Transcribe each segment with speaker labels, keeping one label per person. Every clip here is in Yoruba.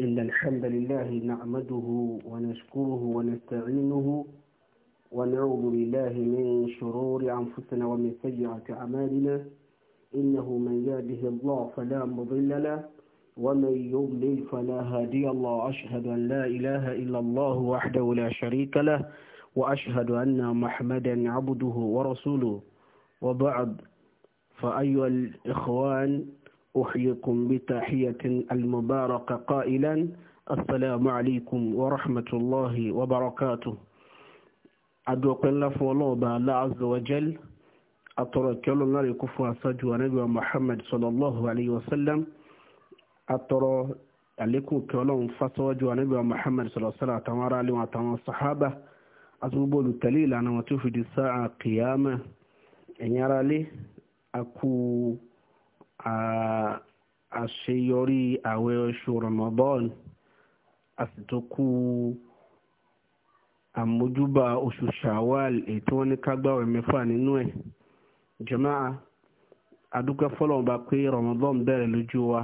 Speaker 1: إن الحمد لله نعمده ونشكره ونستعينه ونعوذ بالله من شرور أنفسنا ومن سيئات أعمالنا إنه من يهده الله فلا مضل له ومن يضلل فلا هادي الله أشهد أن لا إله إلا الله وحده لا شريك له وأشهد أن محمدا عبده ورسوله وبعد فأيها الإخوان أحييكم بتحية المباركة قائلا السلام عليكم ورحمة الله وبركاته أدوك الله فولوبا لا عز وجل أترك الله لكفوا سجوا نبي محمد صلى الله عليه وسلم أترى عليكم كلهم فسجوا نبي محمد صلى الله عليه وسلم تمارا لهم وتمارا الصحابة أتوبوا للتليل أنا وتوفي دي ساعة قيامة إن يرى لي أكو àṣeyọrí àwẹ̀ oṣù Ramadan àsìtòkù àmójúbà oṣù Shawwal ètò wọn ní kágbáwẹ̀ mẹ́fà nínú ẹ̀ jàmáà adúpẹ́ fọlọ́ọ̀bá pé Ramadan bẹ̀rẹ̀ lójú wa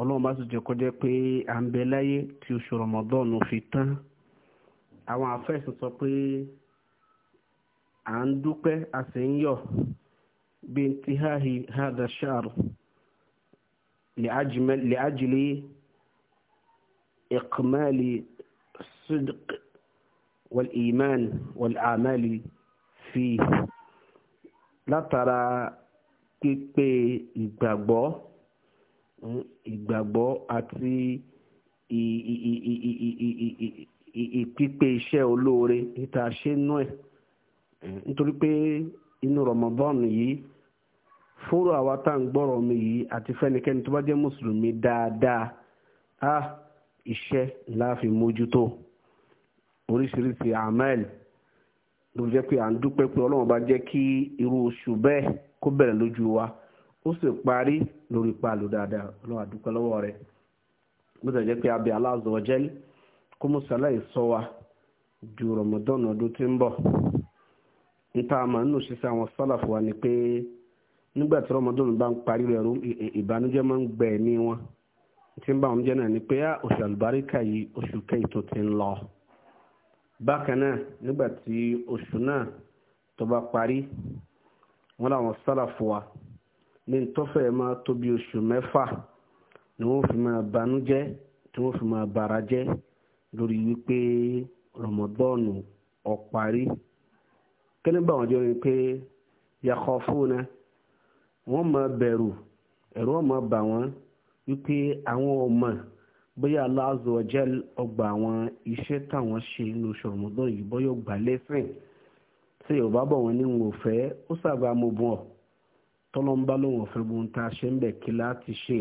Speaker 1: ọlọ́run bá sì jẹ́ kọjá pé à ń bẹ láyé tí oṣù Ramadan fi tán àwọn sọ pé à ń dúpẹ́ a sì ń yọ̀ بانتهاء هذا الشهر لأجمل لأجل إقمال الصدق والإيمان والأعمال فيه látara pípé ìgbàgbọ́ ìgbàgbọ́ àti ìpípé iṣẹ́ olóore níta ṣe nú ẹ̀ nítorí pé inú Ramadan yìí furu àwa tá à ń gbọ́rọ̀ mi yìí àti fẹ́nikẹ́ni tó bá jẹ́ mùsùlùmí dáadáa á mójútó oríṣiríṣi amẹ́lì ló pé à ń dúpẹ́ pé ọlọ́run bá jẹ́ wa ó sì parí lórí paálù dáadáa ọlọ́run àdúpẹ́ lọ́wọ́ rẹ̀ bó ti jẹ́ pé abẹ́ Allah azza wa jal kó mùsàlá wa ju Ramadan ọdún tí ń bọ̀ níta àmọ́ ni pé. nígbà tí rọmọdún bá ń parí rẹ̀ ró ìbànújẹ́ máa ń gbẹ ẹ̀mí wọn tí ń bá wọn jẹ́ náà ni pé á oṣù àlùbáríkà yìí oṣù kẹ́yìn tó ti ń lọ bákan náà nígbà oṣù náà tó bá parí wọn làwọn sálàfù wa ní tọ́fẹ̀ máa tó bí oṣù mẹ́fà ni wọ́n fi máa banújẹ́ tí wọ́n fi máa bara jẹ́ lórí wípé rọmọdọ́ọ̀nù ó parí kí ni bá wọn jẹ́ wọn pé yàkọ̀ náà. wọ́n máa bẹ̀rù ẹ̀rù ọmọ bà wọ́n wípé àwọn ọmọ bóyá Allah azza ọgbà àwọn iṣẹ́ táwọn ṣe inú ṣọ̀mọ́dọ̀ yìí bọ́yọ̀ gbà lẹ́sìn tí yorùbá bọ̀ wọ́n ní wọn ò fẹ́ ó sábà mo bọ̀ tọ́lọ́mbá lòun ọ̀fẹ́ bu ta ṣe ń bẹ̀ kí láti ṣe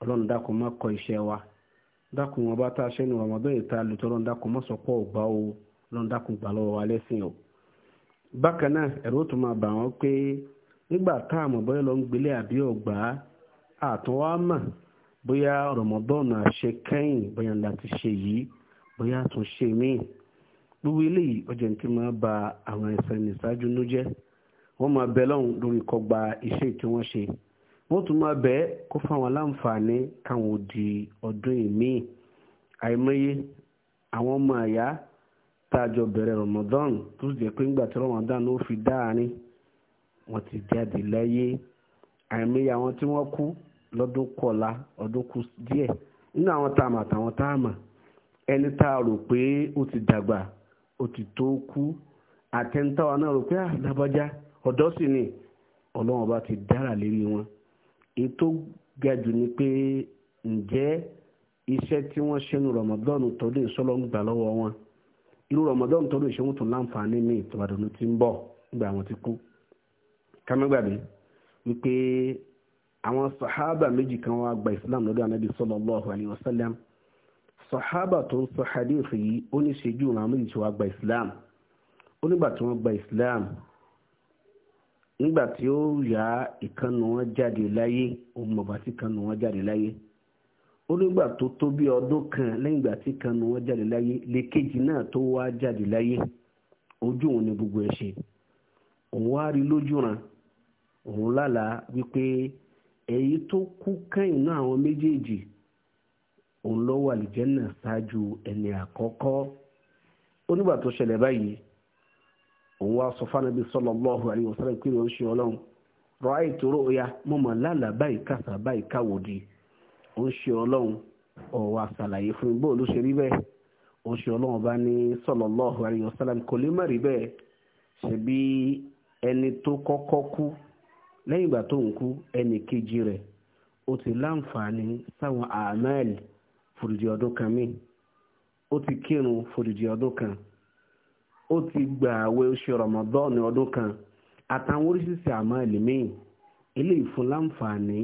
Speaker 1: ọlọ́run dákun má kọ iṣẹ́ wa dákun wọn bá ta ṣe ní ọmọdún lè dákun o ọlọ́run dákun nígbà tá a bóyá lọ ń gbélé àbí ọ̀gbá àtúnwá mọ̀ bóyá rọmọdọ́ọ̀nù àṣekẹ́yìn bóyá láti ṣe yìí bóyá tún ṣe míì gbogbo eléyìí ọjà tí máa ba àwọn ẹsẹ̀ nìṣáájú ló jẹ́ wọ́n máa bẹ lọ́hùn lórí kọgbà iṣẹ́ tí wọ́n ṣe wọ́n tún máa bẹ kó fáwọn láǹfààní káwọn ò ọdún ìmíì àìmọye àwọn ọmọ àyá tá a jọ tó sì pé ńgbà fi dáa ni. wọ́n ti jáde láyé àìmọye àwọn tí wọ́n kú lọ́dún kọlá ọdún kù díẹ̀ nínú àwọn táàmù àtàwọn táàmù ẹni tá a rò pé ó ti dàgbà ó ti tó kú àtẹnitáwa náà rò pé àlábọ́já ah, ọ̀dọ́ sì ni ọlọ́run ọba ti dára lérí wọn ètò gajù ni pé ǹjẹ́ iṣẹ́ tí wọ́n ṣe nu rọmọdọ́nù tó lè sọ́lọ́ ń gbà lọ́wọ́ wọn irú rọmọdọ́nù tó lè ṣe wọ́n tún láǹfààní ní ìtọ́bàdàn tí ń bọ̀ nígbà wọn ti kú kámẹ́gbàgbé wípé àwọn sàhábà méjì kan wá gba islam lọ́dọ̀ anábì sallallahu alayhi wa sallam sàhábà tó ń sọ hadith yìí ó ní ṣejú àwọn méjì tí wá gba islam ó nígbà tí wọ́n gba islam nígbà tí ó yá ìkànnì wọn jáde láyé ó mọ̀ tí ìkànnì wọn jáde láyé ó nígbà tó tó bí ọdún kan lẹ́yìn ìgbà tí ìkànnì wọn jáde láyé lẹ́kejì náà tó wá jáde láyé ojú òun ni gbogbo ẹ̀ ṣe òun wá rí lójú ràn òun lálàá wípé èyí tó kú kẹ́yìn náà àwọn méjèèjì òun ló wà lìjẹ́nà ṣáájú ẹni àkọ́kọ́ onígbà tó ṣẹlẹ̀ báyìí òun wá sọ fánàbí sallallahu alaihi wasallam pé òun ṣe ọlọ́run ra'aytu ru'ya mo mọ̀ lálàá báyìí kàṣà báyìí káwòdì òun ṣe ọlọ́run ọ̀wà ṣàlàyé fún bó ló ṣe rí bẹ́ẹ̀ òun ọlọ́run bá ní sallallahu alaihi wasallam kò lè má rí bẹ́ẹ̀ ṣe bí ẹni tó kọ́kọ́ kú lẹ́yìn ìgbà tó ń kú ẹnì kejì rẹ̀ ó ti láǹfààní sáwọn àmẹ́ẹ̀lì fòdìdì ọdún kan míì ó ti kírun fòdìdì ọdún kan ó ti gba àwẹ̀ oṣù rọmọdọ́ọ̀nù ọdún kan àtàwọn oríṣiríṣi àmẹ́ẹ̀lì míì eléyìí fún láǹfààní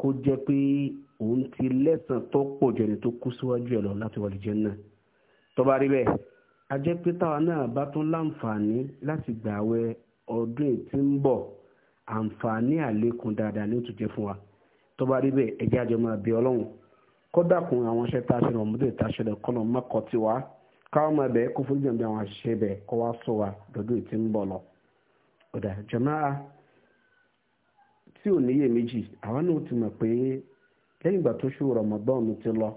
Speaker 1: kó jẹ́ pé òun ti lẹ́sàn tó pọ̀ jù ẹni tó kú síwájú ẹ̀ lọ láti wọ àlùjánnà tó bá rí bẹ́ẹ̀ a jẹ́ pé táwa náà bá tún láǹfààní láti gbààwẹ̀ ọdún tí àǹfààní àlékún dáadáa n'otu ó tún fún wa tó bá rí bẹ́ẹ̀ ẹjẹ́ àjọ máa bí ọlọ́run kódà kun àwọn iṣẹ́ tá a ṣe lọ tá a ṣe lọ kọ́nà tí wa káwọn máa kó wa ìtì ń lọ. ọ̀dà tí ò níyè méjì àwọn náà ti mọ̀ pé lẹ́yìn ìgbà tó ṣù Ramadan ti lọ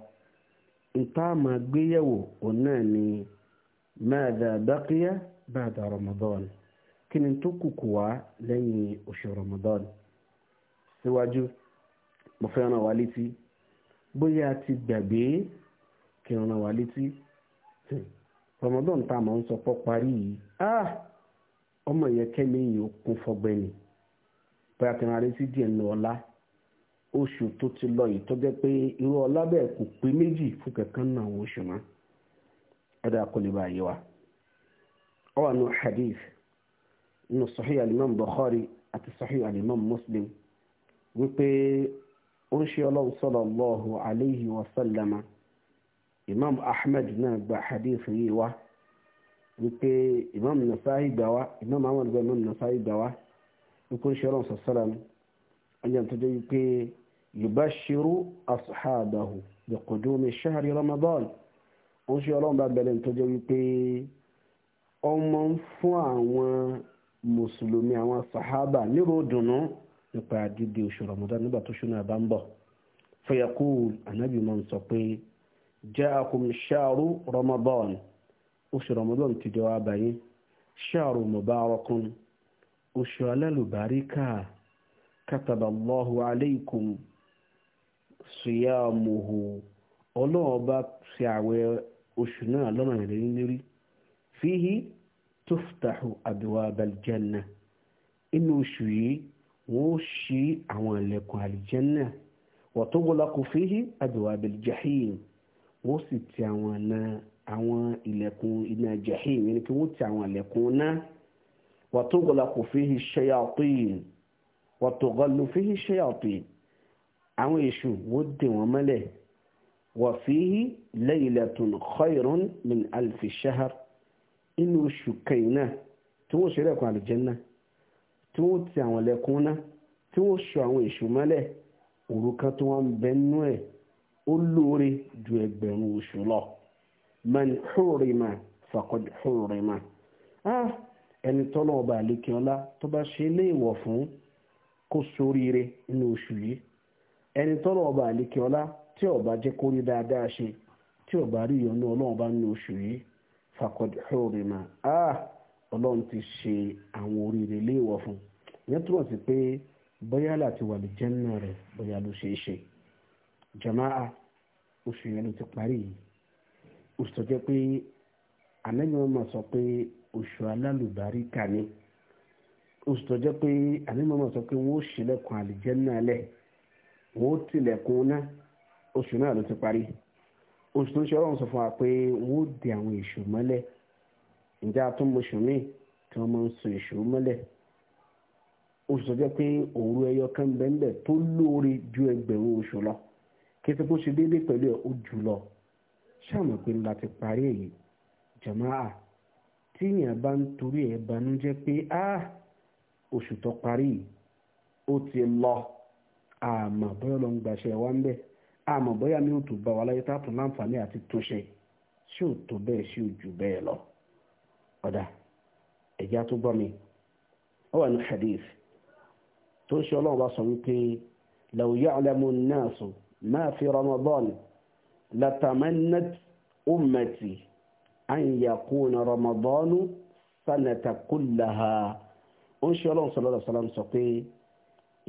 Speaker 1: nta máa gbéyẹ̀wò òun náà ni máa dà bákíyà kí ni tó lẹ́yìn oṣù Ramadan síwájú mo fẹ́ ràn létí bóyá a ti gbàgbé kí n ràn létí Ramadan tá a máa ń sọ pọ́ parí yìí ah! ọmọ yẹn kẹ́mi yìí bóyá létí díẹ̀ oṣù tó ti lọ yìí tó jẹ́ pé irú ọlá bẹ́ẹ̀ kò pé méjì fún kankan náà oṣù mọ́ ọ̀dà kò lè wa. nínú sahih alimam bukhari àti sahih alimam muslim wípé ó ń ṣe ọlọ́run sallallahu alayhi wa sallama imam ahmed náà gba hadith yìí wá wípé imam nasa'i gbà wá imam ahmed gba imam nasa'i gbà wá wípé ó ń ṣe ọlọ́run sọ̀sọ́làm ọjà tó jẹ́ wípé yubashiru ashabahu bi qudumi shahri ramadan ó ń ṣe ọlọ́run bá bẹ̀rẹ̀ tó jẹ́ wípé ọmọ ń fún àwọn mùsùlùmí àwọn sahaba nírò dùnú nípa dídé oṣù ramadan nígbà tó ṣúná bá ń bọ̀ fẹ́yàkú ànábì máa ń sọ pé ja'akum ṣáàrú ramadan oṣù ramadan ti dé wá báyìí ṣáàrú mubarakun oṣù alálùbáríkà kataballahu alaykum siyamuhu ọlọ́ọ̀ba ṣe àwẹ̀ oṣù náà lọ́nà fíhí تفتح أبواب الجنة إنه شيء وشي عوان لكم الجنة وتغلق فيه أبواب الجحيم وستعوانا عوان لكم إنا جحيم يعني وتعوان لكونا وتغلق فيه الشياطين وتغل فيه الشياطين عوان يشو ود ومله وفيه ليلة خير من ألف شهر inu osu kẹyìn náà tí wọ́n ṣe lẹ́kùn ti àwọn elekuna náà tí wọ́n ṣọ àwọn èṣù mọ́lẹ̀ òru kan tí wọ́n ń bẹ nú ẹ̀ ó lóore ju ẹgbẹ̀rún oṣù lọ man hurima hurima ẹni tọ́lọ́ ọba àlékè ọlá tó bá ṣe léèwọ̀ fún kó soríire nínú oṣù yìí ẹni tọ́lọ́ ọba àlékè ọlá tí ó jẹ́ kó dáadáa ṣe tí fakọ̀dì ṣòrìmà ah ọlọ́run ti ṣe àwọn oríire léèwọ̀ fún ìyẹn túmọ̀ sí pé bóyá láti wà lè jẹ́ nínú rẹ̀ bóyá ló ṣe é ṣe jama'a oṣù yẹn ló ti parí yìí oṣù tó jẹ́ pé ànábì wọn máa sọ pé oṣù alálùbáríkà ni oṣù tó jẹ́ pé ànábì wọn sọ pé wọ́n ó ṣílẹ̀kùn àlìjẹ́ náà lẹ̀ wọ́n ó tilẹ̀kùn náà oṣù náà ló ti parí yìí oṣù tó ń ṣe ọlọ́run sọ fún wa pé wọ́n ó de àwọn èṣù mọ́lẹ̀ ǹjẹ́ atúnmọ̀ṣù míì tí wọ́n máa ń so èṣù mọ́lẹ̀ oṣù tó jẹ́ pé òru ẹyọ kan bẹ́ẹ̀ tó lóore ju ẹgbẹ̀rún oṣù lọ kí ẹsẹ̀ bó ṣe déédéé pẹ̀lú ẹ̀ ó jù lọ ṣáàmù pé ńlá ti parí èyí jàmáà tí èèyàn bá ń torí ẹ̀ banújẹ́ pé á oṣù tó parí ó ti lọ àmọ́ bọ́yọ̀ ló ń gbàṣẹ wá ń bẹ́ẹ̀ àmọ́ bóyá mi ò tó bá wa láyé tá a tún láǹfààní àti túnṣe ṣé ò tó bẹ́ẹ̀ ṣé ò jù bẹ́ẹ̀ lọ ọ̀dà ẹ̀já tó gbọ́ mi ó wà ní hadith tó ń ṣe ọlọ́run bá sọ wípé law ya'lamu an-nasu fi ramadan latamannat ummati an yakuna ramadanu ó ń ṣe ọlọ́run sallallahu alaihi sọ pé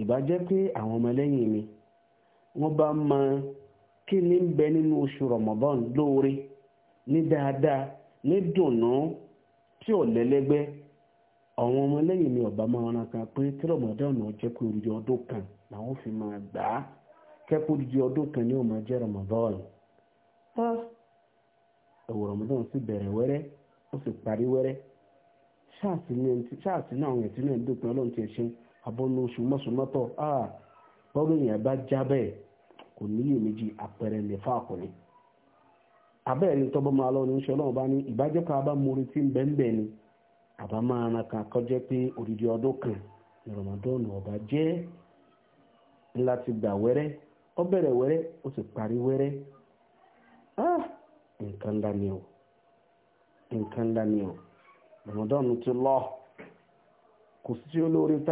Speaker 1: ìbá pé àwọn ọmọlẹ́yìn mi wọ́n bá mọ kí ni bẹ nínú oṣù Ramadan lóore ní dáadáa ní dùnú tí ò lẹ́lẹ́gbẹ́ àwọn ọmọlẹ́yìn mi ọ̀bá máa ran kan pé tí Ramadan náà jẹ́ pé ọdún kan làwọn fi máa gbà á kẹ́kọ̀ọ́ ọdún kan ni ó máa jẹ́ Ramadan ẹ̀wọ̀ Ramadan sì bẹ̀rẹ̀ wẹ́rẹ́ ó sì parí wẹ́rẹ́ ṣáàtì náà àwọn ẹ̀tí náà dúpẹ́ ọlọ́run ti ẹ̀ṣin abọ́nú oṣù mọ́sùmọ́tọ̀ bọ́ọ̀lù yẹn bá kò níyè méjì àpẹẹrẹ nìfà ọkùnrin abẹ́ẹ̀ni tọ́bọ́ máa lọ bá ní ìbájẹ́ kan bá mú retí ń bẹ́ẹ̀ ni kan kọjẹ́ pé ọdún kan ní ọba jẹ́ ńlá ti gbà wẹ́rẹ́ ó bẹ̀rẹ̀ wẹ́rẹ́ ó sì parí wẹ́rẹ́ ah, nǹkan o nǹkan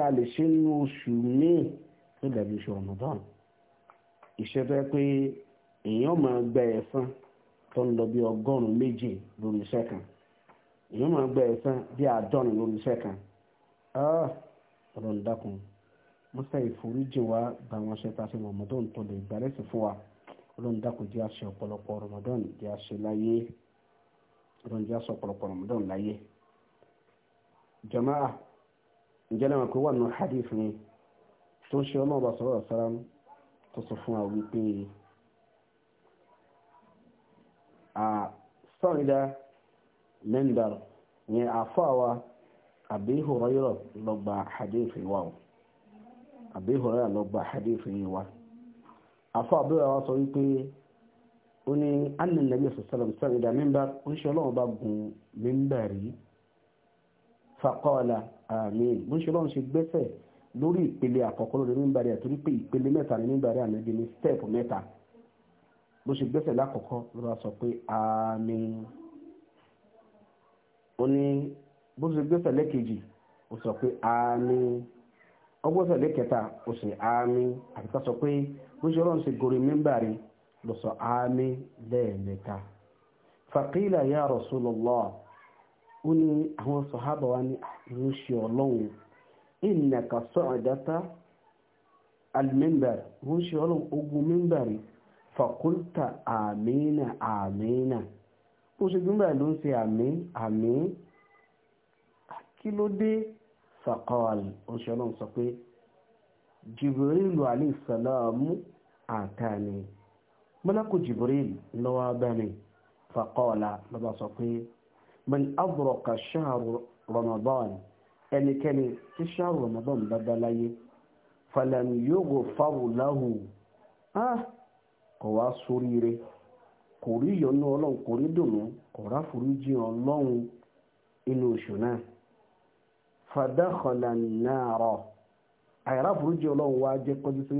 Speaker 1: a lè ṣe nínú iṣẹ́ tó yẹ pé èèyàn máa gbẹ ẹ̀san tó ń lọ bí ọgọ́rùn-ún méje lórí iṣẹ́ kan èèyàn máa gbẹ ẹ̀san bí àádọ́rin lórí iṣẹ́ kan ah, ọlọ́run dákun mọ́sá ìforíjì wa gba àwọn aṣẹ tá a ṣe mọ̀mọ́ tó ń tọ́lẹ̀ ìgbàlẹ́sìn fún wa ọlọ́run dákun jẹ́ àṣẹ ọ̀pọ̀lọpọ̀ Ramadan jẹ́ àṣẹ láyé ọlọ́run jẹ́ àṣẹ ọ̀pọ̀lọpọ̀ láyé. jama'a ǹjẹ́ lẹ́wọ̀n pé wà nù hadith ni tó ń ṣe tó sọ fún wa wípé sọ́ọ̀dá mẹ́ndà ní àfọ́wà Abi Hurairah lọ́gbà hadith wa Abi Hurairah lọ́gbà hadith wa àfọ́ Abi Hurairah sọ wípé ó ní annàlẹ́gbẹ̀ sọ́sọ́lọ́m sọ́ọ̀dá mẹ́mbà oníṣẹ́ ọlọ́run bá gun mẹ́mbà rí faqala àmín oníṣẹ́ ọlọ́run ṣe gbẹ́sẹ̀ lórí ìpele àkọ́kọ́ lórí mímbàrí àtúrí pé ìpele mẹ́ta ní mímbàrí ànábi ní step mẹ́ta bó ṣe gbẹ́sẹ̀ lákọ̀ọ́kọ́ ló bá sọ pé àmín ó ní bó ṣe gbẹ́sẹ̀ lẹ́kejì ó sọ pé àmín ọgbọ́sẹ̀ lẹ́kẹta ó sì sọ pé bó ṣe ọlọ́run ṣe gorí mímbàrí ló sọ ya ó ní àwọn wa ah, ìnàkà sọ̀dátà alimẹ́mbàrí wọ́n ṣe ọlọ́run ogun mẹ́mbàrí fàkúntà àmìnà àmìnà ó ṣe gbígbà ló ń ṣe àmì àmì kí ló dé fàkọ́ọ̀lì ó ṣe ọlọ́run sọ pé jìbìrìlù aláìsàlámù àtàní mọ́lákù jìbìrìlù lọ́wọ́ abẹ́ni fàkọ́ọ̀lá lọ́ba sọ pé man abrọ̀ka ṣáàrù ramadan e tí ṣáàrù ramadan bá dá láyé falan yughfar lahu ah, kò wá sóríire kò rí ìyọ́nú ọlọ́run kò rí dùnú kò ráforíjì ọlọ́run inú oṣù náà fadakhala an-nara àìráforíjì ọlọ́run wá jẹ́ kọjú sí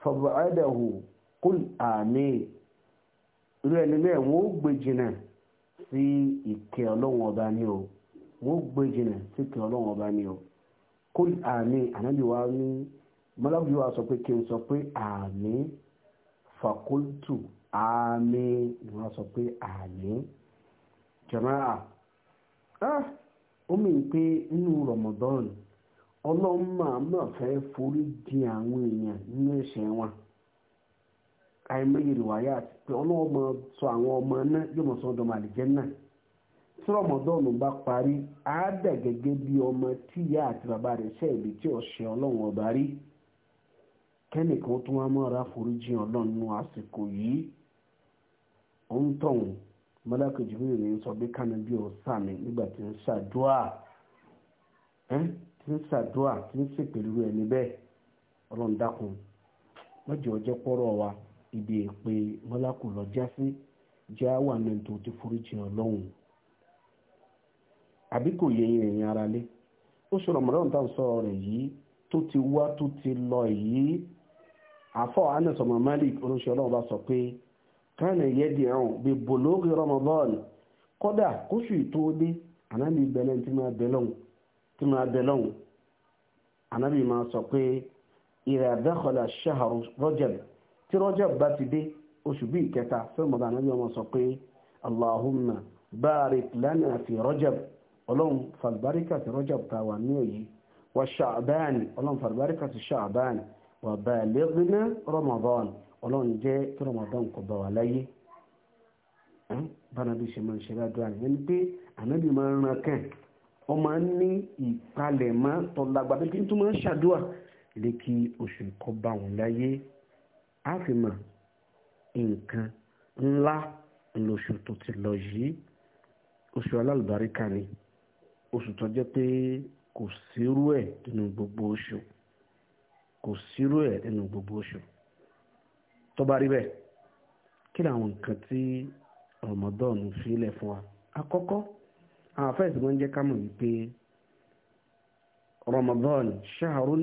Speaker 1: fọ̀bọ̀ẹ́dẹ̀hù kúl àmì irú ẹni bẹ́ẹ̀ wọ́n ó gbé jìnà sí ìkẹ́ ọlọ́run ọba ni o wọ́n ó gbé jìnà sí ìkẹ́ ọlọ́run ọba ni o kúl àmì ànábì wa ní mọ́lábí sọ pé kí n sọ pé àmì fàkúltù àmì ni wọ́n sọ pé àmì jẹ̀máà ah, ó mìíràn pé nínú rọ̀mọ̀dọ́nù ọlọ́run máa máa fẹ́ forí di àwọn èèyàn nínú ẹ̀ṣẹ̀ wọn àìmọye ya pé ọlọ́run sọ àwọn ọmọ náà yóò sọ náà tí bá parí ọmọ tí ìyá àti bàbá rẹ̀ ṣe ibi tí ọ̀ṣẹ́ ọlọ́run ọba rí kẹ́nìkan tó wá mọ́ra ọlọ́run nínú àsìkò yìí tọ̀hún mọ́lákejì mi tí ń ṣàdúrà tí ń ṣèpè lórí ẹni bẹ́ẹ̀ ọlọ́run dákun mọ́jọ́ ọjọ́ pọ́rọ̀ wa ibi èpè mọ́lákù lọ sí já wà tó ti foríjì ọlọ́run àbí kò yẹ ẹ̀yin ara lé ó ṣòro mọ́lọ́run táwọn sọ̀rọ̀ rẹ̀ yìí tó ti wá tó ti lọ yìí àfọ Anas ọmọ Malik oníṣẹ́ ọlọ́run bá sọ pé kánà di ẹ̀hún bí bòlóògì Ramadan kódà kóṣù ìtòódé àná tí máa bẹ lọ́hùn ànábì máa sọ pé ìrẹ̀ àdákọ̀lá ṣáàrù rọ́jẹ̀b tí rọ́jẹ̀b bá ti dé oṣù bíi kẹta fẹ́mọ̀dá ànábì máa sọ pé allahumma barik lana fi rọ́jẹ̀b ọlọ́run fàlùbáríkà ti rọ́jẹ̀b ta wà ní òye wa ṣàbáàni ọlọ́run fàlùbáríkà ti ṣàbáàni wa balighna ramadan ọlọ́run jẹ́ kí ramadan kò bá wà láyé bánabi ṣe máa ń ṣe ládùúgbò àná wọ́n máa ń ní ìpalẹ̀mọ́ tọ́lágbà bí kí n tún máa ń ṣàdúrà lé kí oṣù kọ́ bá wọn láyé á fi mọ̀ nǹkan ńlá lóṣù tó ti lọ yìí oṣù alálùbáríkà ni oṣù tó jẹ́ pé kò sírú ẹ̀ nínú gbogbo oṣù kò sírú ẹ̀ nínú gbogbo oṣù tó bá rí bẹ́ẹ̀ kí làwọn nǹkan tí Ramadan filẹ̀ fún wa àkọ́kọ́ àwọn afẹ́sì wọn jẹ́ kámọ̀ wípé Ramadan ṣaharun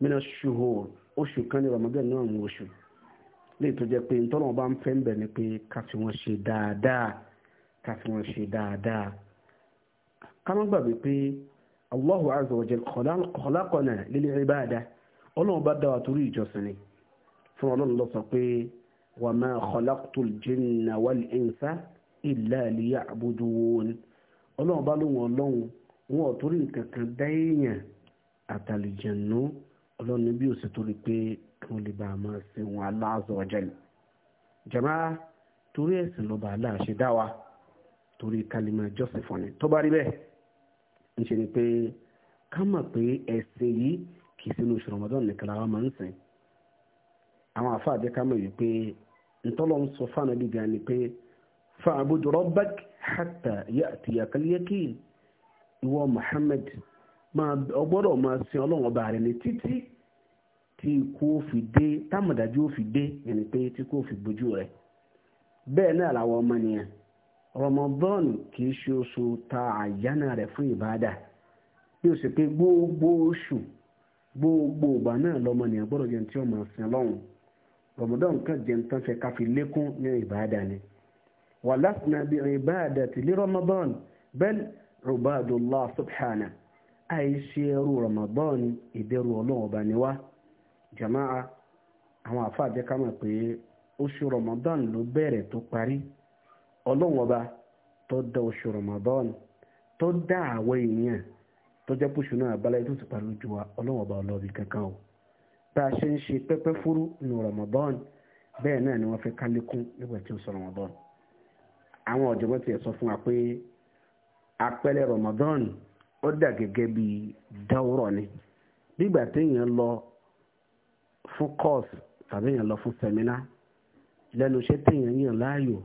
Speaker 1: mina ṣuhur oṣù kan ní Ramadan náà mú oṣù lè tó jẹ́ pé nítorí wọn bá ń fẹ́ ń bẹ̀ ni pé ká fi wọn ṣe dáadáa ká fi wọn ṣe dáadáa ká má gbàgbé pé Allahu azza wa jalla khalaqana lil ibada ọlọ́run bá dá torí ìjọsìn ni fún ọlọ́run lọ sọ pé wa ma khalaqtul jinna wal insa illa ọlọ́run bá lóhun ọlọ́run wọn ò torí nǹkan kan dá èèyàn àtàlùjẹ̀nú ọlọ́run bí ó sì torí pé wọn lè bá a máa ṣe wọn aláàzọ ọjà ni. torí ẹ̀sìn lọ́ba aláàṣẹ dá wa torí kálímà jọ́sìn fún ni tó bá rí bẹ́ẹ̀ ń ṣe ni pé ká mọ̀ pé ẹ̀sìn yìí kì í sínú oṣù Ramadan nìkan làwọn máa ń sìn àwọn àfáàjẹ́ ká mọ̀ wípé ntọ́lọ́ ń sọ fáànà bíbí ni pé fa'bud rabbak hatta ya'tiyaka al-yaqin ìwọ Muhammad máa ọgbọ́dọ̀ máa sin ma ọba rẹ̀ ní títí tí ikú ó fi dé támọ̀dájú ó fi dé ẹni pé fi gbójú rẹ̀ bẹ́ẹ̀ náà làwọn ọmọ nìyẹn Ramadan kì í ṣe ta àyánà rẹ̀ fún ìbáàdà bí ó gbogbo oṣù gbogbo ولسنا بعبادة لرمضان بل عباد الله سبحانه àìṣerú Ramadan ìdẹrù ọlọ́run ọba ni wá jama'a àwọn àfáàjẹ́ ká mọ̀ pé oṣù Ramadan ló bẹ̀rẹ̀ tó parí ọlọ́run ọba tó dá oṣù Ramadan tó dá àwọ̀ èèyàn tó jẹ́ pòṣù náà abáláyé tó ti parí ojú wa ọlọ́run ọba ọlọ́ọ̀bì kankan o bá a ṣe ń ṣe pẹ́pẹ́ fúrú nù Ramadan bẹ́ẹ̀ náà ni wọ́n fẹ́ kálékún nígbà tí ó sọ Ramadan àwọn ọ̀jọ̀gbọ́n ti sọ fún wa pé àpẹẹrẹ Ramadan ó dà gẹ́gẹ́ bí dáwúrọ̀ ni bígbà téèyàn lọ fún course tàbí èèyàn lọ fún seminar lẹ́nu iṣẹ́ téèyàn yàn láàyò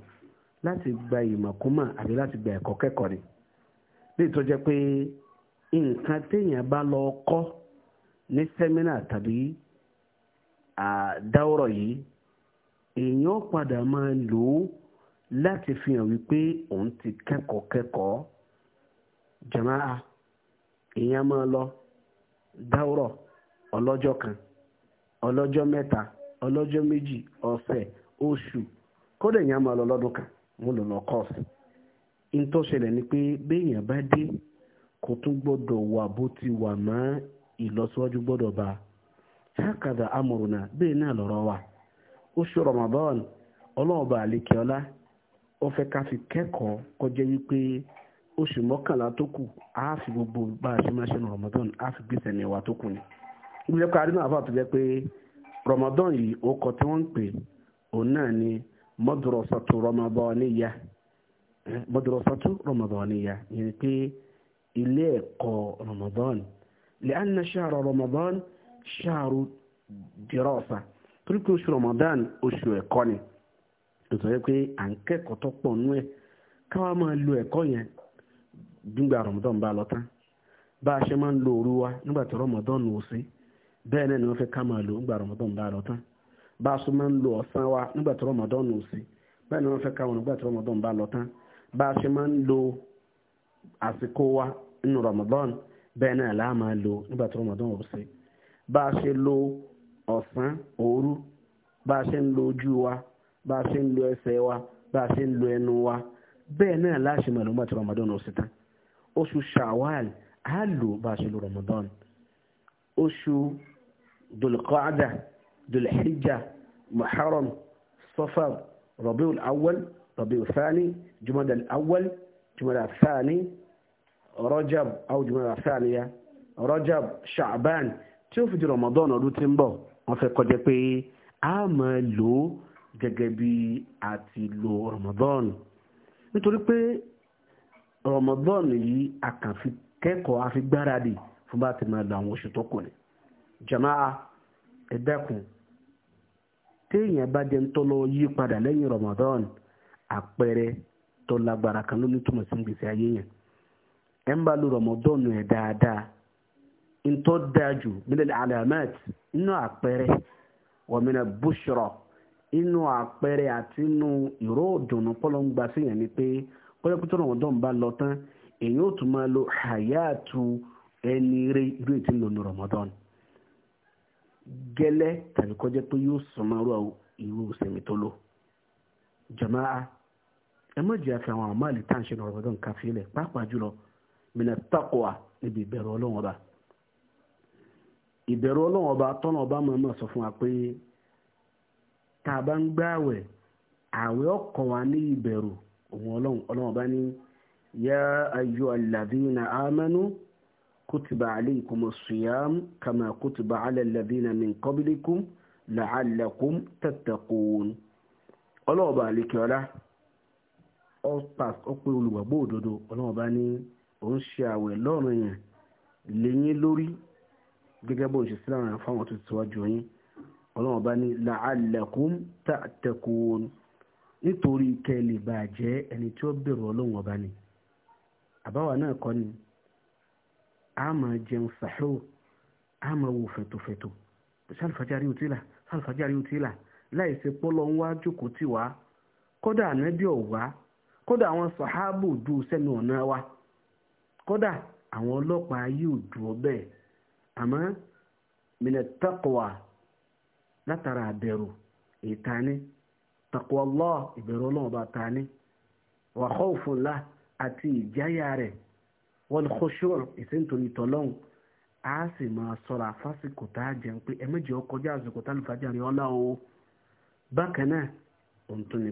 Speaker 1: láti gba ìmọ̀kúmọ̀ àbí láti gba ẹ̀kọ́ kẹ́kọ̀ọ́ ni bí tó jẹ́ pé nǹkan téèyàn bá lọ kọ́ ní sẹ́mínà tàbí àdáwọ̀rọ̀ yìí èèyàn padà máa lò ó láti fi hàn wípé òun ti kẹ́kọ̀ọ́ kẹ́kọ̀ọ́ jamaa èèyàn máa lọ dáwúrọ̀ ọlọ́jọ́ kan ọlọ́jọ́ mẹ́ta ọlọ́jọ́ méjì ọ̀sẹ̀ oṣù kódà èèyàn máa lọ lọ́dún kan mo lò lọ kọ́ọ̀sì n tó ṣẹlẹ̀ ni pé béèyàn bá dé kò tún gbọ́dọ̀ wà bó ti wà mọ́ ìlọsíwájú gbọ́dọ̀ bá ṣáàkàdà amòrùnà bẹ́ẹ̀ náà lọ́rọ̀ wa oṣù Ramadan ọlọ́ọ̀bà àlekèọ́lá ó fẹ́ ká fi kẹ́kọ̀ọ́ kọjá wípé oṣù mọ́kànlá tó kù á fi gbogbo bá a ṣe máa ṣe ní Ramadan á fi gbèsè ní ìwà tó kù ni. ibi jẹ́ pé adínà àfà tó jẹ́ pé Ramadan yìí ó kọ tí wọ́n ń pè òun náà ni madrasatu Ramadaniyya madrasatu Ramadaniyya yẹn ni pé ilé ẹ̀kọ́ Ramadan li'anna shahra Ramadan shahru dirasa torí pé oṣù Ramadan oṣù ẹ̀kọ́ ni. tó pé à ń kẹ́kọ̀ọ́ tó pọ̀ nú ẹ̀ máa lo ẹ̀kọ́ yẹn bá lọ a ṣe máa ń lo òru wa nígbà tí ò sí bẹ́ẹ̀ náà ni wọ́n fẹ́ ká máa lo nígbà bá lọ tán wa nígbà tí ò sí bẹ́ẹ̀ wọ́n fẹ́ ká wọn nígbà tí bá lọ tán bá wa nínú bẹ́ẹ̀ náà máa lo nígbà tí lo ọ̀sán òru bá lo ojú wa bá a ṣe ń lo ẹsẹ̀ wa bá a ṣe ń lo ẹnu wa bẹ́ẹ̀ náà láṣẹ mọ̀ lọ́mọ́ tí ramadan ó sì tán oṣù shawal á lò bá a ṣe lo ramadan oṣù dulqaada dulhijja muharram safar rabiul awwal rabiul thani jumada awwal jumada thani rajab aw jumada thaniya rajab sha'ban tí ó fi di ramadan ọdún tí ń bọ̀ wọ́n fẹ́ kọjá pé a máa lò ó gẹ́gẹ́ bí a ti lo Ramadan nítorí pé Ramadan yìí a kàn fi kẹ́kọ̀ọ́ a fi gbáradì fún bá ti máa lo àwọn oṣù tó kù ni jama'a ẹ dákun téèyàn bá jẹ́ ń tọ́lọ́ yí padà lẹ́yìn Ramadan àpẹẹrẹ tó lágbára kan ló ní túmọ̀ sí gbèsè ayé yẹn ẹ ń bá lo Ramadan ẹ̀ dáadáa ń tọ́ dáa jù mílẹ̀ alamat nínú àpẹẹrẹ wàmínà bushra inú àpẹẹrẹ àti inú ìró òdùnnú pọ́lọ́ ń gba síyàn ni pé pọ́lẹ́pẹ́ tó ràn wọ́n dọ̀n bá lọ tán èyí ò tún máa lo hayatu ẹni rẹ irú ètí lò ní Ramadan gẹ́lẹ́ tàbí kọjá pé yóò sọmọrú irú sẹ̀mí tó lò jamaa ẹ má jẹ́ àfi àwọn àmàlì tá à ń ṣe ní Ramadan káfílẹ̀ pàápàá jùlọ mina taqwa níbi ìbẹ̀rù Ọlọ́run ọba ìbẹ̀rù Ọlọ́run ọba tọ́nà ọba máa ma sọ fún wa pé tá a bá ń gbá àwẹ̀ àwẹ̀ ọkàn wa ní ìbẹ̀rù òun ọlọ́run amanu kutuba alaykum kama kutiba ala alladhina min qablikum la'allakum tattaqun ọlọ́run bá lè kíọ́lá ọpẹ́ olùgbàgbọ́ òdodo ọlọ́run bá ní òun ṣe yẹn lórí bó ṣe ọlọ́run bá ní la'allakum ta'takun nítorí kẹ́lẹ̀ bá ẹni tí ó bẹ̀rù ọlọ́run ọba ni àbáwá náà kọ́ ni a máa jẹun sàhó a máa wo fẹ̀tọ̀fẹ̀tọ̀ sálfàjárí ò tíì là là láì ṣe pọ́lọ́ ń wá jókòó tì kódà ànábì wa kódà àwọn ọlọ́pàá yóò dù ọ bẹ́ẹ̀ látara àbẹ̀rù ìtaní takwọ́lọ́ ìbẹ̀rù ọlọ́run bá taní àti ìjáyà rẹ̀ wal khushu' ìsèǹtòrí a sì máa sọ̀rọ̀ tá a jẹun pé ẹ̀mẹ́jì ó àsìkò tá rí ọlá o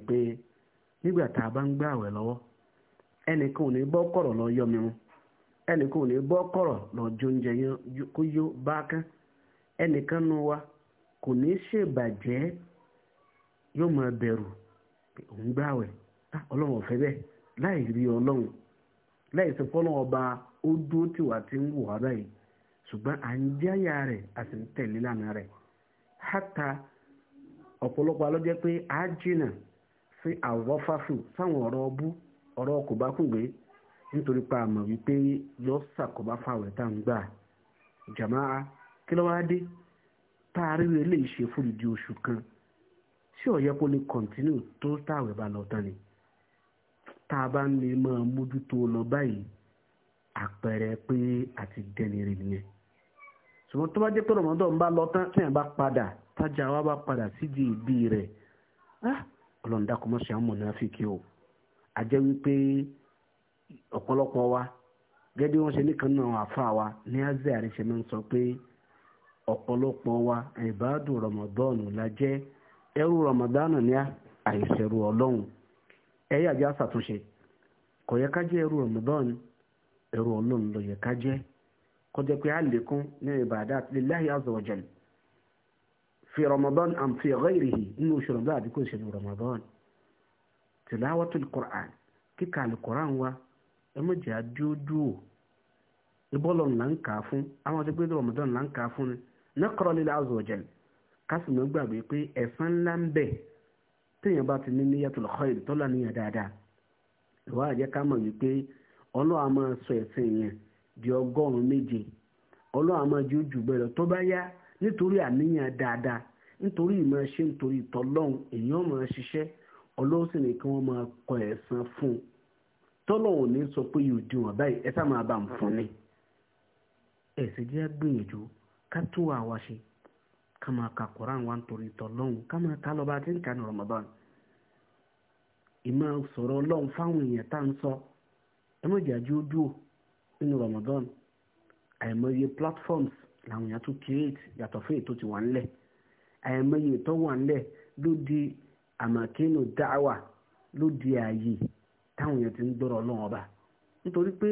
Speaker 1: pé nígbà tá a bá ń gbà lọ́wọ́ ẹnìkan ò ní bọ́ kọ̀rọ̀ lọ yọ mi mu ẹnìkan ò kò ní ṣèbàjẹ́ yóò máa bẹ̀rù pé òun gbààwẹ̀ ah, ọlọ́run ọ̀fẹ́ bẹ́ẹ̀ láì rí ọlọ́run láì sọ fọ́lọ́ ọba ó dúró tí wàá ti ń wò wá báyìí ṣùgbọ́n à ń jáyà rẹ̀ a sì ń tẹ̀lé lánàá rẹ̀ hátà ọ̀pọ̀lọpọ̀ alọ́jẹ́ pé a jìnà sí àwọ̀ fáfù sáwọn ọ̀rọ̀ ọbú ọ̀rọ̀ kò bá kùgbé nítorí pa àmọ̀ wípé yọ sàkóbá fáwẹ̀ tá à ń gbà jàmáà kí ló wá dé tá a ríro eléyìí ṣe fún ìdí oṣù kan ṣé ó kó lè kọ̀ǹtínú tó táwẹ̀ bá lọ tán ni tá a bá ń lè máa mójútó lọ báyìí àpẹẹrẹ pé àti dẹnire nìyẹn ṣùgbọ́n tó bá jẹ́ pé rọ̀mọ́dọ̀ bá lọ tán tí yẹn bá padà tájà wa bá padà sídìí ìbí rẹ̀ ọlọ́run dákun mọ́ ṣe àwọn mọ̀nàfíkì o a jẹ́ wípé ọ̀pọ̀lọpọ̀ wa gẹ́gẹ́ bí wọ́n ṣe ní ọ̀pọ̀lọpọ̀ wa ìbádù ramadan la jẹ́ ẹrú ramadan ní àìṣẹ̀rù ọlọ́run ẹ̀yà jẹ́ àṣàtúnṣe kò yẹ ká jẹ́ ẹrú rọmọdọ́ọ̀nù ẹrú ọlọ́run ló yẹ ká jẹ́ kó jẹ́ pé a lè kún ní ìbàdà lillahi fi ramadan am fi ghayrihi nínú oṣù Qur'an wa ìbọ́lọ̀ ńlá ń kà fún àwọn ńlá naqra lillahi azza wa jal kásì ló gbàgbé pé ẹ̀san ńlá ń bẹ téèyàn bá ti ní níyàtul khair tó lánìyàn dáadáa ìwà àjẹ́ ká mọ̀ wípé ọlọ́wà máa sọ ẹ̀san yẹn di ọgọ́rùn-ún méje ọlọ́wà máa ju jù bẹ́ẹ̀ tó bá yá nítorí àníyàn dáadáa nítorí ìmọ̀ ṣe nítorí èèyàn máa ṣiṣẹ́ ní kí wọ́n máa kọ ká tó àwa ṣe ka Quran wa nítorí tọ́lọ́hún kama ka ká lọ́ba tí ń kà ní Ramadan ìmọ̀ sọ̀rọ̀ ọlọ́run fáwọn èèyàn tá ń sọ ẹ má jàjú Ramadan àìmọye platforms làwọn èèyàn tún create yàtọ̀ fún eto ti wà ńlẹ̀ àìmọye ètò wà ńlẹ̀ ló di amakinu dáwà lo di aye táwọn èèyàn ti ń gbọ́rọ̀ ọlọ́run ọba nítorí pé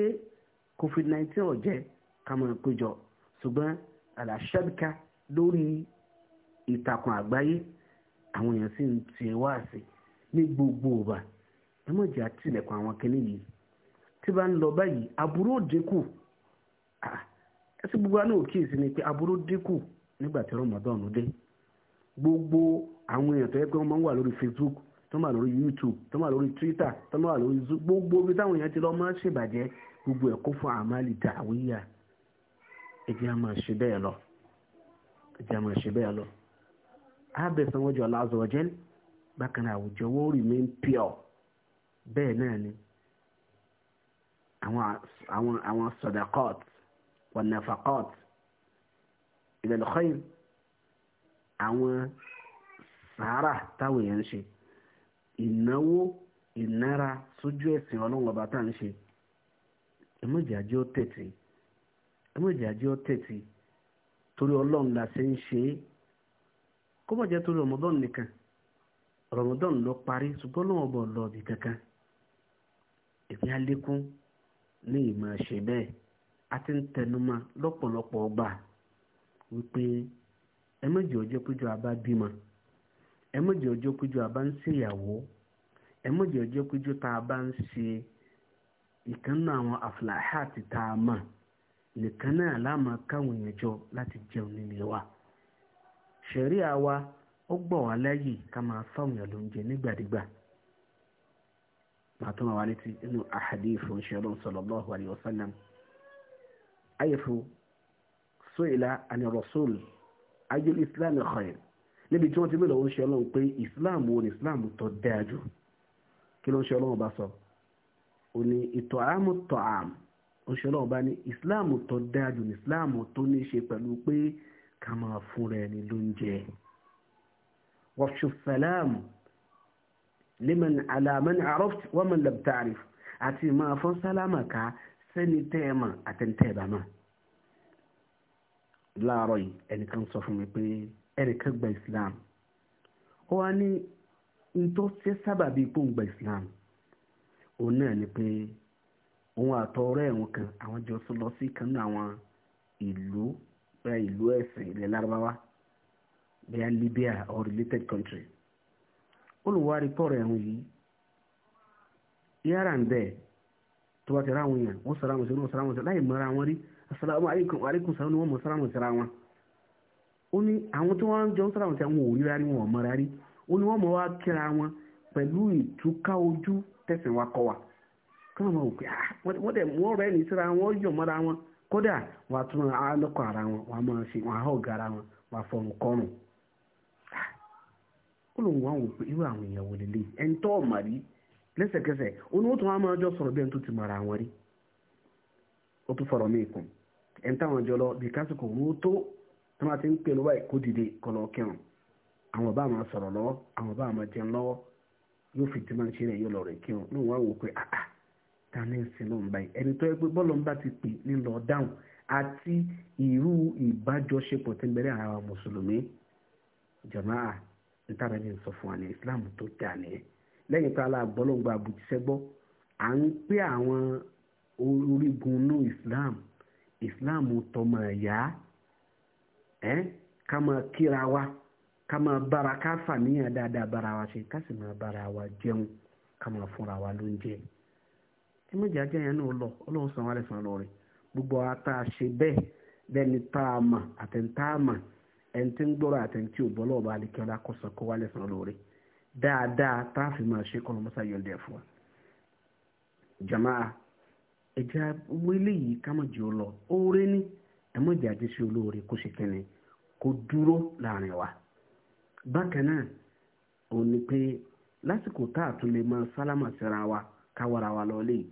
Speaker 1: covid-19 o je máa péjọ ṣùgbọ́n àlàṣẹ́bíkà lórí ìtàkùn àgbáyé àwọn èèyàn sì ń tiẹ̀ wá sí ní gbogbo ọba ẹ mọ̀ jẹ́ àtìlẹ̀kùn àwọn kìnnì yìí tí bá ń lọ báyìí aburú dínkù ẹsẹ̀ gbogbo àná òkèèsí ni pé aburú dínkù nígbà tí Ramadan dé gbogbo àwọn èèyàn tó yẹ pé wọ́n máa ń wà lórí Facebook tó máa lórí YouTube tó máa lórí Twitter tó máa lórí gbogbo ibi táwọn èèyàn ti lọ máa ń ṣèbàjẹ́ gbogbo ẹ̀kọ́ fún àmàlì dàwíyà ẹjẹ́ a máa ṣe bẹ́ẹ̀ lọ ẹjẹ́ a máa ṣe bẹ́ẹ̀ lọ ábẹ̀sán wọ́n jọ aláàzọ̀ ọ̀jẹ́ bákan náà àwùjọ wọ́n remain pure bẹ́ẹ̀ náà ni àwọn àwọn sadaqat wọn nafaqat ilal khair àwọn sàárà táwọn èèyàn ń ṣe ìnáwó ìnára sójú ẹ̀sìn ọlọ́run ọba tá ń ṣe ẹmọ́jà jẹ́ ó tẹ̀tì ẹ mọ̀ jẹ́ tẹ̀tì torí ọlọ́run la ṣe ń ṣe é kó torí Ramadan nìkan Ramadan ló parí ṣùgbọ́n lọ́wọ́ bọ̀ lọ́ọ̀bì kankan èmi alékún ní ìmọ̀ ṣe bẹ́ẹ̀ a ti ń tẹnumọ́ lọ́pọ̀lọpọ̀ ọgbà wípé ẹ mọ̀ ọjọ́ péjọ abá bímọ ẹ mọ̀ ọjọ́ péjọ abá a bá ń ṣe nìkan náà láàmà káwọn èèyàn jọ láti jẹun nílé wa ṣẹ̀ríà wa ó gbọ́ wá láyè ká máa fáwọn èèyàn lóúnjẹ nígbàdégbà màá tó máa wá létí inú àhàdíìfù ṣẹlọ́n sallallahu alayhi wa sallam ayẹ̀fù sóìlà àni rasul ayélu islam khair níbi tí wọ́n ti mélòó ń ṣe ọlọ́run pé islam wo ni islam tó dáa jù kí ló ń ṣe ọlọ́run bá sọ ò ní àmú tọ̀ àmú òṣèlú ọba ní islam tó dáa jù ní islam tó ní ṣe pẹ̀lú pé ká máa fúnra ẹni lóúnjẹ wafshu salam liman alaman aroft waman lam ta'rif àti máa fọ́n sálámà ká sẹ́ni tẹ́ẹ̀mà àtẹ́ntẹ́ẹ̀bàmà láàárọ̀ yìí ẹnìkan sọ fún mi pé ẹnìkan gba islam ó wá ní n sábàbí ipò ń gba islam òun náà ni pé òun àtọ̀rẹ́ ẹ̀wọ̀n kan àwọn jọ sọ lọ sí kan nínú àwọn ìlú bẹ́ẹ̀ ìlú ẹ̀sìn ilẹ̀ lárúbáwá bẹ́ẹ̀ Libya or related country olùwárí pọ̀rọ̀ ẹ̀wọ̀n yìí yára ń bẹ́ẹ̀ tó bá ti rá àwọn èèyàn wọ́n sọ̀rọ̀ àwọn ìṣẹ́gun sọ̀rọ̀ àwọn ìṣẹ́gun láì mọ́ra wọn rí asalaamu aleykum aleykum sọ̀rọ̀ ni wọ́n mọ̀ sọ̀rọ̀ àwọn ìṣẹ́gun wọn ó ní àwọn tí wọ́n ń jọ àwọn ìṣẹ́gun wọn ò ríra rí wọn ò mọ́ra rí ó ní wọ́n mọ̀ wá kíra wọn pẹ̀lú ìtúká ojú tẹ̀sán wa kọ́ wa káwọn ò ah wọ́n dẹ̀ wọ́n rẹ́ ní a wọn yọ̀ mọ́ra wọn kódà wàá tún alọ́kọ̀ ara wọn wàá máa ṣe wọn àhọ́ ara wọn wàá fọrùn kọrùn. Ah, ó lóun wá wò pé irú àwọn èèyàn wò ọ̀mà rí lẹ́sẹ̀kẹsẹ̀ mara wọn rí ó tún fọ̀rọ̀ mí kùn ọjọ táwọn bí kásìkò ó tó ti ń pè lọ́wọ́ lọ àwọn bá ta ní ìsìn náà ń báyìí ẹni tó yẹ pé bọ́ọ̀lù ń bá ti pè nílọ dáhùn àti irú ìbájọṣepọ̀ tí ń bẹ̀rẹ̀ àwọn mùsùlùmí jàmáà nítàbí ní sọ fún wa ní Islam tó dà nìyẹn lẹ́yìn pé aláàgbọ́lọ́gba àbùjíṣẹ́ gbọ́ à ń pé àwọn orígun inú Islam Islam tọmọ ẹ̀yà ẹ́ ká máa kíra wa ká máa bára ká fàníyàn dáadáa bára wa ṣe ká sì máa bára wa jẹun ká máa fúnra wa lóúnjẹ ẹ méjì ajá yẹn náà lọ ọlọ́run sàn wálé sàn lọ́ọ̀rẹ́ gbogbo ata ṣe bẹ́ẹ̀ bẹ́ẹ̀ ni tá a mà àtẹ̀ntà a mà ẹni tí ń gbọ́rọ̀ àtẹ̀ntì ò bọ́lọ́ ọba alikẹ́ọ́lá kó sàn kó wálé sàn lọ́ọ̀rẹ́ dáadáa tá a fi máa ṣe kọ́ lọ́mọ́sá yọ̀ǹdẹ̀ fún wa. jamaa ẹja wílé yìí ká má jẹ́ ọ lọ oore ni ẹ méjì ajá ṣe olóore kó ṣe kẹ́ni kó dúró láàrin wa bákan náà òun ni pé lásìkò tá a tún lè máa sálámà síra wa káwara wa lọ léyìí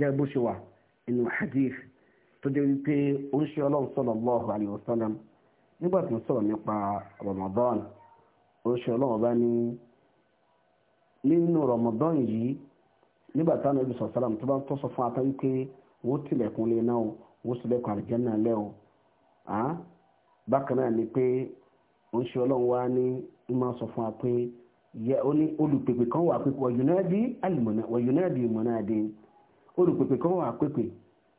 Speaker 1: jẹ́ bó ṣe wà inú hadith tó jẹ́ wípé ó ń ṣe ọlọ́run sallallahu alayhi wa sallam nígbà tó ń sọ̀rọ̀ nípa Ramadan ó ṣe ọlọ́run bá ní nínú Ramadan yìí nígbà táwọn ẹbí sọ̀rọ̀ sálàm tó bá tó sọ fún atán wípé wọ́n tilẹ̀kùn lé náà wọ́n tilẹ̀kùn àlùjánnà lẹ́ o bákan náà ni pé ó ń ṣe ọlọ́run wá ní ìmọ̀ sọ fún wa pé olùpèpè kan wà pé wọ̀nyí náà di alìmọ̀nà wọ̀nyí náà di mọ̀nà dín olùpèpè kan wà pèpè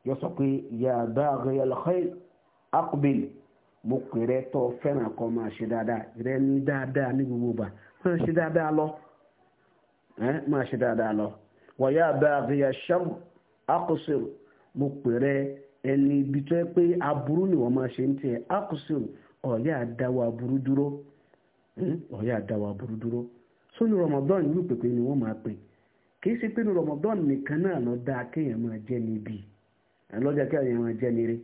Speaker 1: yọ sọ pé ya baghi al-khayr mo pè rẹ fẹ́ràn kan máa ṣe dáadáa rẹ ní dáadáa ní gbogbo gbà máa ṣe dáadáa lọ máa ṣe dáadáa lọ wa mo pè rẹ ẹni ibi tó yẹ pé aburú ni wọ́n máa ṣe ń tiẹ̀ aqsir ọ̀yà dúró ọ̀yà dúró sóyún ìlú pèpè ni wọ́n máa pè é kìí ṣe pé ní Ramadan nìkan náà lọ dáa kéèyàn máa jẹ́ níbi lọ́jà kéèyàn máa jẹ́ nire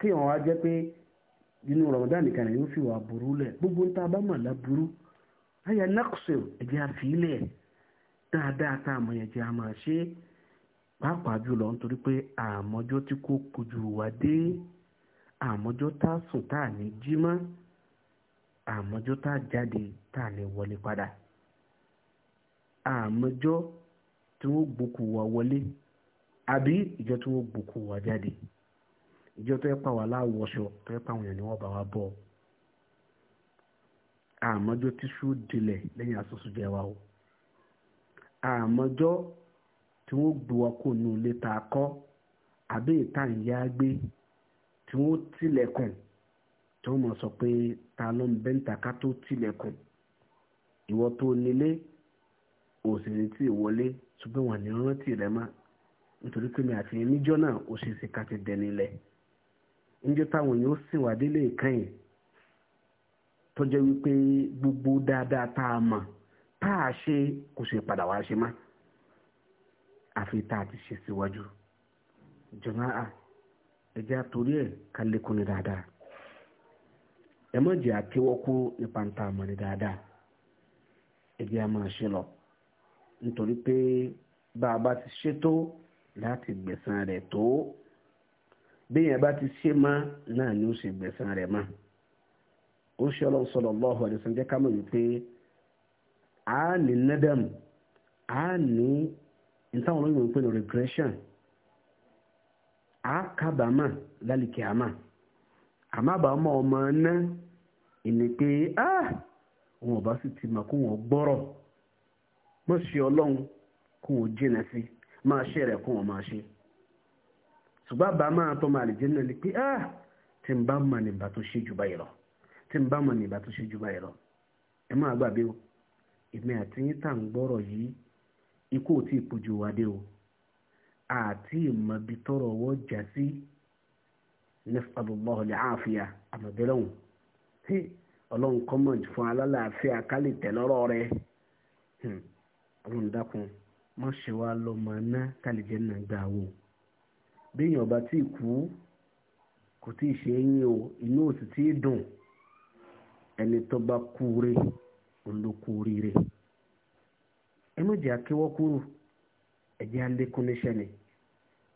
Speaker 1: kéèyàn wá jẹ́ pé nínú Ramadan nìkan yóò fi wà burú lẹ̀ gbogbo ń ta bá mà láburú àyà naqsil ẹ̀jẹ̀ àfilẹ̀ dáadáa tá a mọ̀ ẹ̀jẹ̀ a máa ṣe pàápàá jùlọ nítorí pé àmọ́jọ́ tí kò kojú wa dé àmọ́jọ́ tá a sùn tá a ní jí mọ́ àmọ́jọ́ tá a jáde tá a lè wọlé padà àmọ́jọ́ tí wọ́n gbòkú wa wọlé àbí ìjọ tí wọ́n gbòkú wa jáde ìjọ tó yẹ pa wà láwọṣọ tó yẹ pa àwọn èèyàn ni wọ́n bá wa bọ́ àmọ́jọ́ tíṣú dilẹ̀ lẹ́yìn asọ́sọ́ jẹ́ wa o àmọ́jọ́ tí wọ́n gbò wa kò nù lé ta kọ́ àbí ìta ìyá gbé tí wọ́n tilẹ̀kùn tí wọ́n mọ̀ sọ pé ta ló ń bẹ́ńtà ká tó tilẹ̀kùn ìwọ tó nílé òsèré tí ìwọlé ṣùgbọ́n wà ní rántí rẹ mọ́ nítorí pé mi àti yẹn níjọ́ náà ó ṣe é ṣe ká ti dẹni lẹ̀ níjọ́ táwọn yóò sìn wá délé ìkànnì tó jẹ́ wípé gbogbo dáadáa tá a mọ̀ tá a ṣe kò ṣe padà wá ṣe má àfi tá a ti ṣe síwájú jọba a ẹjẹ àtòrí ẹ ká lékún ní dáadáa ẹ má jẹ́ àtiwọ́kú nípa ń ta àmọ́ ní dáadáa ẹjẹ a máa ṣe lọ nítorí pé bá a bá ti ṣètò láti gbẹ̀san rẹ̀ tó béèyàn bá ti ṣe má náà ni ó ṣe gbẹ̀san rẹ̀ má ó ṣe ọlọ́run sallallahu alaihi wasallam jẹ́ ká mọ̀ wípé a ní nedem a ní nítawọn olóyìnbó ń pè ní regression a kábàámà lálìkẹ́ àmà àmàbàámọ̀ ọmọ náà ìní pé ah! wọn ò bá sì ti mà kó wọn gbọ́rọ̀ mọ́ ṣe ọlọ́run kún ò jìnà sí máa ṣe rẹ̀ kún ò máa ṣe ṣùgbọ́n bá máa tọ́ máa lè jẹ́ náà pé ah tí n bá mọ̀ nígbà tó ṣe jù báyìí lọ tí n bá mọ̀ nígbà tó ṣe jù báyìí lọ ẹ máa gbàgbé o èmi àti yín tá à ń gbọ́rọ̀ yìí ikú ò tí ì pojú wa dé o àti ìmọ̀bi tọrọ ọwọ́ jà sí nafadullah al-afiya àmọ̀bẹ́lẹ́hùn ọlọ́run kọ́mọ̀ fún alálàáfíà ká lè tẹ̀ olùdákun má ṣe wá lọ́mọ ná kálíjẹ́ náà gbà wò béèyàn ọba tí kú kò tí ì ṣe é o inú òsì tí ì dùn ẹni tó bá kú rè olókú rírè ẹ má jẹ́ akéwọ́ kúrò ẹ̀jẹ̀ alékún níṣẹ́ ni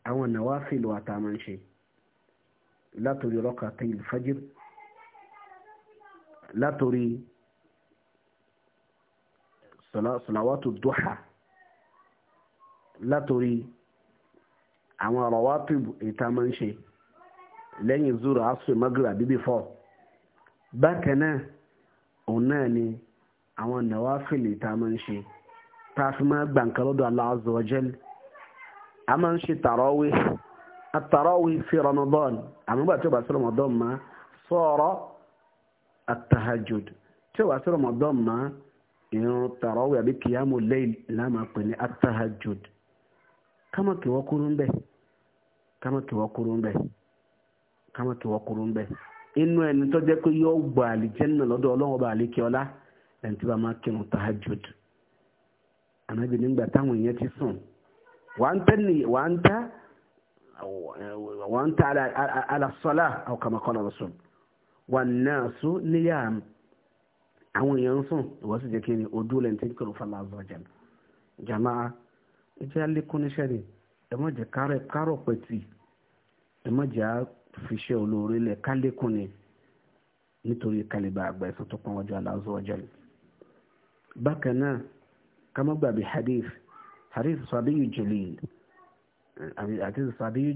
Speaker 1: àwọn ìnáwó àfẹ́lò àtàmọ́ ń ṣe látòrí ọlọ́kà tẹ́yìn fájírì látòrí sọ̀làwátò dọ́hà látòrí àwọn rawatibu ìta máa ń ṣe lẹ́yìn zuru asr magra bíbí fọ́ bákan náà òun náà ni àwọn nawafil ìta máa ń ṣe tá a fi máa gbà nǹkan lọ́dọ̀ Allah azza wa jal a máa ń ṣe tarawih at-tarawih ramadan àmọ́ tí ó bá sí ramadan máa sọ̀rọ̀ at tí ó bá sí ramadan máa irun tàràwí àbí kìyàmù lẹ́yìn láàmà pè ní atahajud kama kìwọ́ kúrú ń bẹ̀ kama kìwọ́ kúrú ń bẹ̀ kama kìwọ́ kúrú ń bẹ̀ inú ẹni tó jẹ́ pé yóò gbà àlìjẹ́nà lọ́dọ̀ ọlọ́run ọba àlékiọlá ẹni tí wàá máa kírun tahajud ànábì nígbà táwọn èèyàn ti sùn wàá ń tẹ́ ní wàá ń tẹ́ wàá ń tẹ́ alasọ́lá àwọn wàá náà sùn níyàm àwọn èèyàn ń sùn ìwọ sì jẹ́ kí ni ojú lẹ́ni tí ń kọ̀rọ̀ fún aláàzọ̀ jẹun jama ẹ jẹ́ alékún níṣẹ́ ni ẹ má jẹ́ kárọ̀ pẹ̀tì ẹ má jẹ́ àfiṣẹ́ olóore lẹ̀ kálékún ni nítorí kálíbà àgbà ẹ̀sán tó pọ́n ọjọ́ aláàzọ̀ jẹun. bákan náà ká má gbàgbé hadith hadith sabiyu jalil hadith sabiyu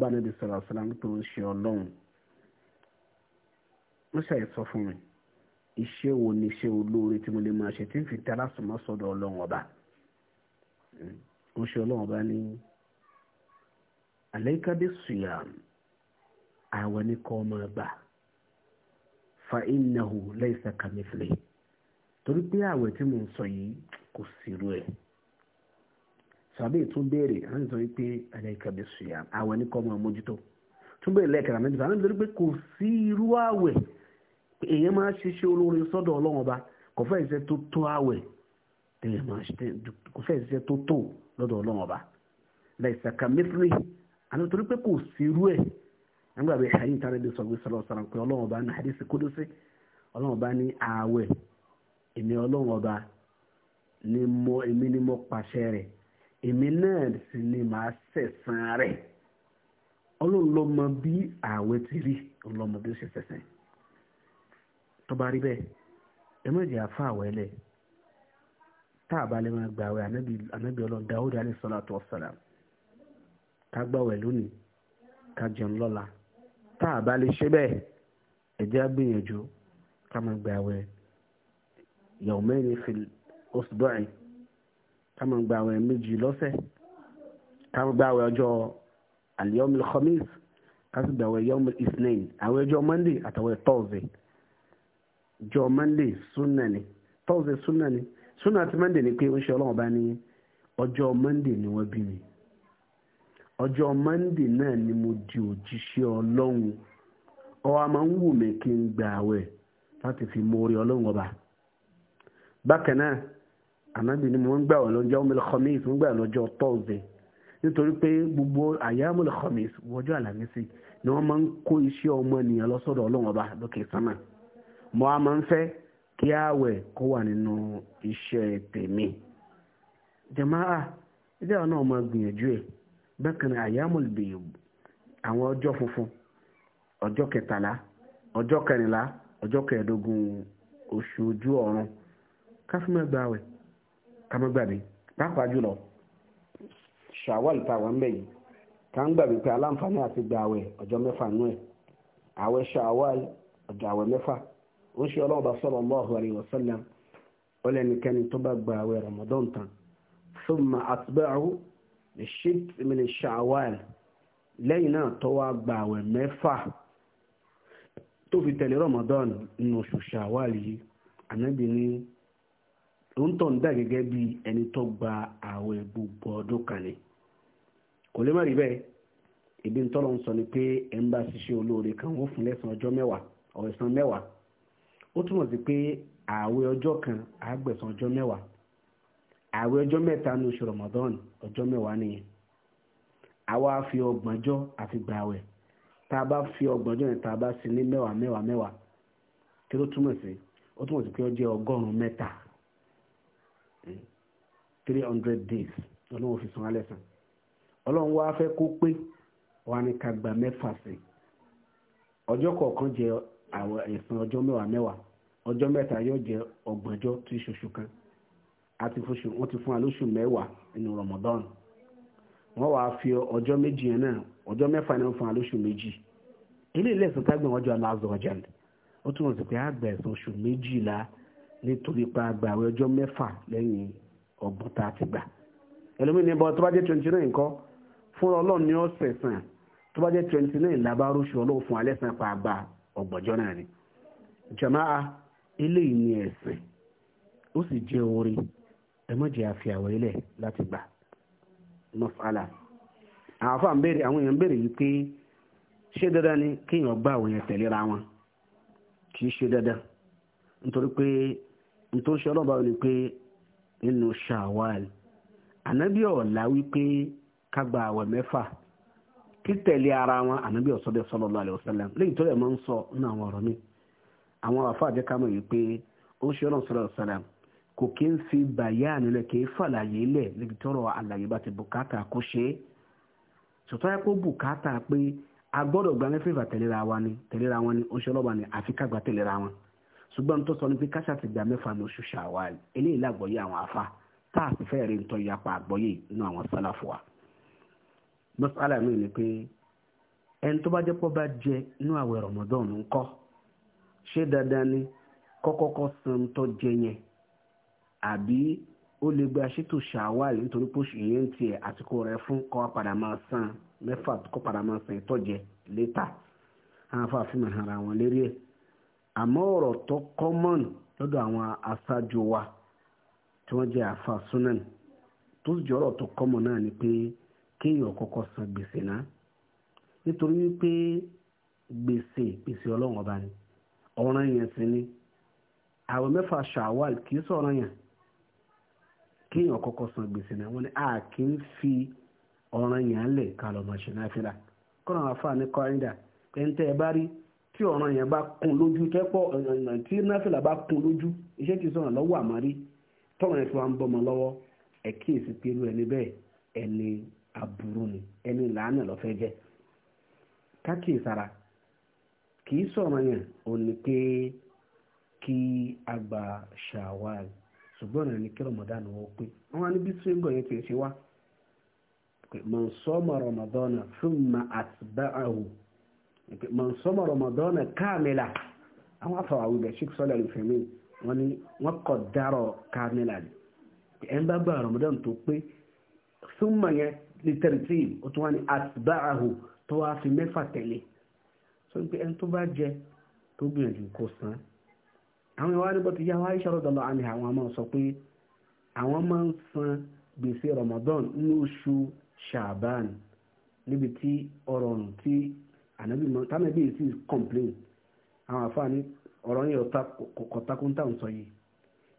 Speaker 1: bá nàbí sọ̀rọ̀ sọ́lá nítorí ṣe ọlọ́run mọ́ṣá ẹ̀ sọ fún mi iṣẹ́ wo ni iṣẹ́ olóore tí mo lè máa ṣe tí n fi tara sùnmọ́ sọ́dọ̀ ọlọ́run ọba ń ṣe ọlọ́run ọba ní àlẹ́kàdé sùyàm àwẹ̀ ní ọmọ gbà fa innahu laysa kamithlihi torí pé àwẹ̀ tí mo ń sọ yìí kò sí irú ẹ̀ sàbẹ̀ tún béèrè àwọn ìtọ́ pé àlẹ́kàdé sùyàm àwẹ̀ ní kọ́ ọmọ mójútó tún béèrè lẹ́ẹ̀kẹ̀rẹ̀ méjì sàbẹ̀ nítorí pé kò sí irú àwẹ̀ èyàn máa ṣiṣẹ́ olóore sọ́dọ̀ ọlọ́run ọba kò fẹ́ iṣẹ́ tó tó àwẹ̀ èyàn máa ṣe kò fẹ́ iṣẹ́ tó tó lọ́dọ̀ ọlọ́run ọba laisa kamithlihi àná torí pé kò sírú ẹ̀ nígbà bí hadith tàbí bí sọ̀rọ̀ sọ̀rọ̀ sọ̀rọ̀ pé ọlọ́run ọba ní hadith kudusi ọlọ́run ọba ní àwẹ̀ èmi ọlọ́run ọba ni mo èmi ni mo pàṣẹ rẹ̀ èmi náà sì ni màá sẹ̀sán rẹ̀ ọlọ́run ló mọ bí àwẹ̀ ti rí ọlọ́run ló mọ bí ó ṣe tó bá rí bẹ́ẹ̀ ẹ má jẹ́ àfa àwẹ̀lẹ̀ tá a bá lè máa gbàwẹ̀ ànábì ọlọ́run Dáúdà alayhi salatu wassalam ká gbàwẹ̀ lónìí ká jẹun lọ́la tá a bá lè ṣe bẹ́ẹ̀ ẹ jẹ́ á gbìyànjú ká máa gbàwẹ̀ yawmaini fil usbu'i ká máa gbàwẹ̀ méjì lọ́sẹ̀ ká máa gbàwẹ̀ ọjọ́ al khamis ká sì gbàwẹ̀ yawmil isnain àwọn ọjọ́ monday àtàwọn thursday jọ monday sunna ni thursday sunna ni sunna àti monday ni pé ó ń ṣe ọlọ́run bá ní ọjọ́ monday ni wọ́n bí mi ọjọ́ monday náà ni mo di òjíṣẹ́ ọlọ́run ọwọ́ máa ń wù mí kí n gbà àwẹ̀ láti fi mórí ọlọ́run ọba bákan náà ànábì ni mo ń gbà wọ́n lọ́jọ́ ọmọlẹ̀ khamis mo ń gbà lọ́jọ́ thursday nítorí pé gbogbo àyàmọ̀lẹ̀ khamis wọ́jọ́ àlàmísì ni wọ́n máa ń kó iṣẹ́ ọmọ ènìyàn lọ́sọ̀dọ̀ ọlọ́run ọba lókè sánmà mo a máa ń fẹ́ kí ààwẹ̀ kó wà nínú iṣẹ́ tèmi jamaa ẹjẹ́ àwọn náà máa gbìyànjú ẹ̀ bẹ́ẹ̀ kan àyàmùl bèèb àwọn ọjọ́ funfun ọjọ́ kẹtàlá ọjọ́ kẹrìnlá ọjọ́ kẹẹ̀ẹ́dógún oṣù ojú ọ̀run ká fún mẹ́gbà ààwẹ̀ ká má gbàgbé pàápàá jùlọ ṣàwọ́lì táwọn ń bẹ̀ yìí ká ń gbàgbé pé aláǹfààní àti gbà ààwẹ̀ ọjọ́ mẹ́fà nú ẹ̀ ààwẹ̀ ṣàwọ́lì ọjọ́ ààwẹ̀ mẹ́fà ó ṣe ọlọ́ọ̀bá sallallahu alaihi wasallam ó lẹ́nikẹ́ni tó bá gba àwẹ̀ ramadan tán thumma atba'ahu bi shitt min shawwal lẹ́yìn náà tó wá gba àwẹ̀ mẹ́fà tó fi tẹ̀lé ramadan nínú oṣù shawwal yìí ànábì ní tó ń tọ̀ ń dà gẹ́gẹ́ bí ẹni tó gba àwẹ̀ gbogbo ọdún kan ni kò lè má rí bẹ́ẹ̀ ìbí ń tọ́lọ́ ń sọ ni pé ẹ̀ ń bá ṣiṣẹ́ olóore kan ó fún lẹ́sàn ọjọ́ mẹ́wàá ọ̀sán ó túmọ̀ sí pé ààwẹ̀ ọjọ́ kan àgbẹ̀sán ọjọ́ mẹ́wàá ààwẹ̀ ọjọ́ mẹ́ta ní oṣù Ramadan ọjọ́ mẹ́wàá nìyẹn àwa fi ọgbọ̀njọ́ àfi gbà àwẹ̀ tá a bá fi ọgbọ̀njọ́ yẹn tá a bá sí ní mẹ́wàá mẹ́wàá mẹ́wàá kí ló túmọ̀ sí ó túmọ̀ sí pé ó ọgọ́rùn mẹ́ta hmm. three hundred days ọlọ́run fi san alẹ́ sàn ọlọ́run wá fẹ́ kó pé wà ní ká gba mẹ́fà sí ọjọ́ kọ̀ọ̀kan jẹ́ àwọn ẹ̀san ọjọ́ mẹ́wàá mẹ́wàá ọjọ́ mẹ́ta yóò jẹ́ ọgbọ̀njọ́ tí ṣoṣù kan àti fóṣù wọ́n ti fún wa lóṣù mẹ́wàá nínú Ramadan wọ́n wàá fi ọjọ́ méjì yẹn náà ọjọ́ mẹ́fà náà fún wa lóṣù méjì eléyìí lẹ́sìn tágbọ̀n ọjọ́ aláàzọ̀jàn ó túmọ̀ sí pé àgbà ẹ̀san oṣù méjìlá nítorí pa àgbà àwọn ọjọ́ mẹ́fà lẹ́yìn ọgbọ̀n tá a ti gbà ẹlòmíì bọ́ twenty nine kọ́ fún ọlọ́run ní ọ̀sẹ̀ sàn tó twenty nine làbárò ṣù ọlọ́run fún alẹ́ sàn ọgbọjọ náà ni jama'a eléyìí ni o ó sì ori emeji ẹ má jẹ́ lati gba láti gbà àwọn afọ àwọn èèyàn béèrè yìí pé ṣé dandan ni kéèyàn gbà àwọn èèyàn tẹ̀léra wọn kì í ṣe dandan nítorí pé nítorí ṣe ọlọ́ba ni pé nínú ṣàwàl ànábì ọ̀la wípé ká gba àwẹ̀ títẹ̀lé ara wọn ànábì ọ̀sọ́dẹ̀ sallallahu alaihi wasallam lẹ́yìn tó rẹ̀ máa ń sọ nínú àwọn ọ̀rọ̀ mi àwọn àfa àjẹkámọ̀ yìí pé ó ṣe ọ̀nà sallallahu alaihi wasallam kò kí ń fi bàyá ànilẹ̀ kì í fàlàyé lẹ̀ níbi tọ́rọ̀ àlàyé bá ti bùkátà kó ṣe é sọ̀tọ́ yẹ kó bùkátà pé a gbọ́dọ̀ gba mẹ́fẹ̀ẹ́fà tẹ̀léra wa ni tẹ̀léra wọn ni ó ṣe ọlọ́ba ni àfi kágbà tẹ̀léra wọn ṣùgbọ́n tó mọ́sálà mi ni pé ẹni tó bá jẹ́ pọ́ bá jẹ inú àwẹ̀ Ramadan ńkọ́ ṣé dandan ni kọ́kọ́kọ́ san tó jẹ yẹn àbí ó lè gba ṣètò ṣàwárí nítorí pé oṣù yẹn ń tiẹ̀ àsìkò rẹ̀ fún kọ́ padà máa san mẹ́fà kọ́ padà máa san ìtọ́jẹ létà àwọn afáàfin ara wọn lérí ẹ̀ àmọ́ ọ̀rọ̀ tó kọ́mọ̀n lọ́dọ̀ àwọn aṣáájú wa tí wọ́n jẹ́ àfa sunan tó sì jọ tó kọ́mọ̀n náà ni pé. kéèyàn kọ́kọ́ san gbèsè náà nítorí wípé gbèsè gbèsè ọlọ́run ọba ni ọ̀ràn yẹn sì ni àwọn mẹ́fà ṣàwàl kì í sọ̀rọ̀ yẹn kéèyàn san gbèsè náà wọ́n ní a kì í fi ọ̀ràn yẹn lẹ̀ ká lọ́ máa ṣe náà fi kọ́nà àfa ní kọ́ńdà pẹ́ńtẹ́ ẹ bá rí tí ọ̀ràn yẹn bá lójú tí náfìlà bá lójú iṣẹ́ ti sọ̀rọ̀ lọ́wọ́ yẹn aburu ni ẹni làánà lọ́fẹ́ jẹ́ kákìí sára kì í sọ̀rọ̀ yẹn ò pé kí a gba ṣàwárí ṣùgbọ́n ìrìn kí rọmọdánù wọ́n pé àwọn níbi tí ń yẹn ti ṣe wá man ma rọmọdánù thumma atba'ahu man soma kámẹ́là àwọn afọwàwí bẹ̀ ṣíkì sọ́lẹ̀ ìfẹ̀mí wọn ni wọ́n kọ̀ dárọ̀ kámẹ́là ni ẹ̀ ń bá gba tó pé yẹn ní tẹ̀rìtì ó tún wá ní àtìbáàhù tó wá fi mẹ́fà tẹ̀lé sọ pé ẹni tó bá jẹ tó gbìyànjú kó san àwọn ìwà nígbà yá wá ìṣòro dọ̀lọ́ àmì àwọn máa sọ pé àwọn máa ń san gbèsè Ramadan ní oṣù Ṣàbán níbi tí ọ̀rọ̀ ọ̀rùn tí ànábì mọ́ tánàbí yìí sì complain àwọn àfáàní ọ̀rọ̀ yẹn kọ̀tàkùn táwọn sọ yìí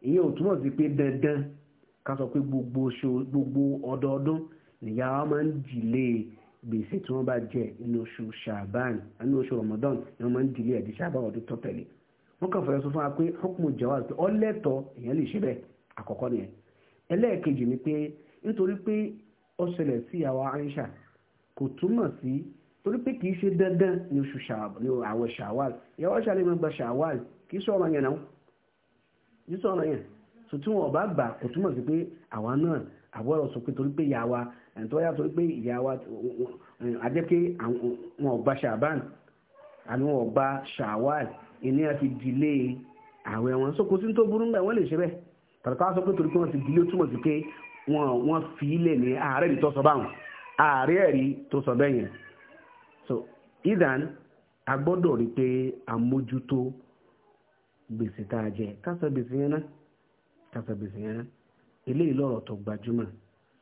Speaker 1: ìyẹn ò túmọ̀ sí pé dandan ká sọ pé gbogbo ọdọọdún nìyá wọn máa ń dìlé gbèsè tí wọ́n bá jẹ inú oṣù ṣàbán inú oṣù Ramadan ni wọ́n máa ń dìlé ẹ̀dí ṣàbán ọdún tó tẹ̀lé wọ́n kàn fọyọ́ sọ fún wa pé hukumu jawaz pé ọlẹ́tọ̀ èèyàn lè ṣe bẹ́ẹ̀ àkọ́kọ́ nìyẹn ẹlẹ́ẹ̀kejì ni pé nítorí pé ó ṣẹlẹ̀ sí àwa Aisha kò túmọ̀ sí torí pé kì í ṣe dandan ní oṣù àwọ̀ ṣàwàl ìyàwó ṣàlẹ̀ máa gba ṣàwàl kì í sọ ọ̀rọ̀ yẹn náà kì í sọ ọ̀rọ̀ yẹn sọ tí wọn ọba gbà kò túmọ̀ sí pé àwa náà àwọ̀ ọ̀rọ̀ sọ pé torí pé ìyá wa ẹni tó yàtọ̀ pé ìyá wa ajẹ́ pé wọn ò gba ṣàbán àbí wọn ò gba ṣàwáàlì ìní àti dìlé àwẹ̀ wọn so kò sí tó burú nígbà lè ṣe bẹ́ẹ̀ tàbí káwọn sọ pé torí pé wọn ti dìlé túmọ̀ sí pé wọn fi ilẹ̀ ní ààrẹ rí tó sọ báwọn ààrẹ rí tó sọ bẹ́ẹ̀ yẹn so idan a gbọ́dọ̀ rí pé àmójútó gbèsè tá a jẹ kásọ gbèsè yẹn náà kásọ gbèsè yẹn náà eléyìí lọ́rọ̀ tó gbajúmọ̀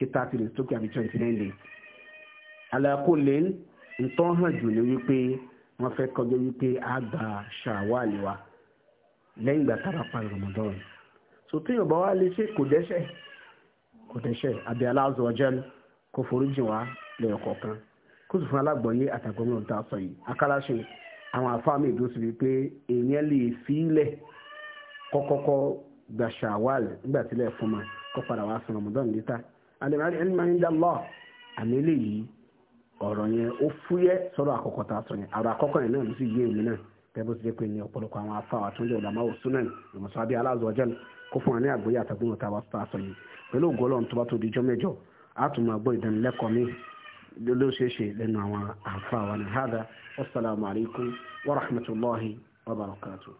Speaker 1: kí thirty days tó àbí twenty nine days ntọ́ hàn jù ní wípé wọ́n fẹ́ kọjá wípé a gba ṣàwálì wa lẹ́yìn ìgbà tábà Ramadan so tí yorùbá wa lè ṣe kò dẹ́ṣẹ̀ kò dẹ́ṣẹ̀ àbí aláàzọ ọjọ́ kò foríjì wá lẹ́yọkọ̀ọ̀kan kó sì fún alágbọ̀nyé sọ yìí akáláṣe gba ṣàwálì nígbà fún ma padà àdèmàdì ẹni máa ń dá lọ àmì eléyìí ọ̀rọ̀ yẹn ó fúyẹ́ sọ̀rọ̀ àkọ́kọ́ tá a sọ yẹn àrò àkọ́kọ́ yẹn náà ló sì yé èmi náà tẹ́bó ti jẹ́ pé ní ọ̀pọ̀lọpọ̀ àwọn afáwà tó ń jẹ́ ọ̀dàmá òsúnẹ̀ ìmọ̀sọ́ abẹ́ aláàzọ̀jẹ́n kó fún wa ní àgbóyè àtàgbọ́n tá a wá sọ yìí pẹ̀lú ògo Ọlọ́run tó bá tó